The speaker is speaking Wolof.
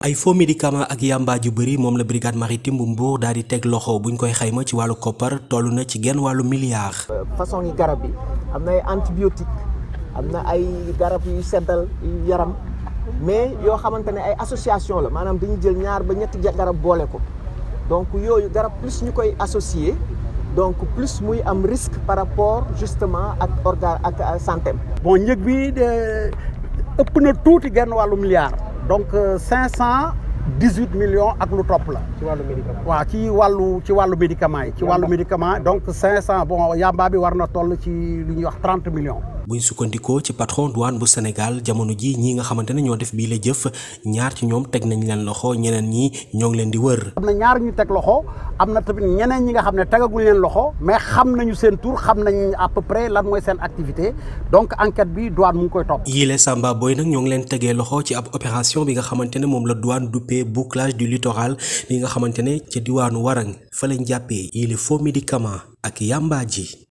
ay fo médicament ak yamba ju beuri mom la brigade maritime bu mbour daal di tek loxo buñ koy xeyma ci walu copper toll na ci gen walu milliard. façon yi garab yi amna ay antibiotique amna ay garab yu seddal yaram mais yo xamantene ay association la manam dañuy jël ñaar ba ñetti garab bolé ko donc yoyu garab plus ñukoy associer donc plus muy am risque par rapport justement ak organe ak santé bon ñeug bi ëpp na tuuti gen walu milliard. donc euh, cinq cent dix huit millions ak lu topp la. ci wàllu médicament waaw ci wàllu ci wàllu médicament yi. ci wàllu médicament donc cinq cent bon yamba bi war na toll ci lu ñuy wax trente millions. buñ sukkandikoo ci patron douane bu Sénégal jamono ji ñii nga xamante ne ñoo def bii la jëf ñaar ci ñoom teg nañ leen loxo ñeneen ñi ñoo ngi leen di wër. am na ñaar ñu teg loxo am na tamit ñeneen ñi nga xam ne tegaguñ leen loxo mais xam nañu seen tur xam nañ à peu près lan mooy seen activité donc enquête bi douane mu ngi koy topp. yile Samba Boy nag ñoo ngi leen tegee loxo ci ab opération bi nga xamante ne moom la douane duppee bouclage du littoral li nga xamante ne ca diwaanu Warang fa lañ jàppee yile foo médicament ak yàmbaa ji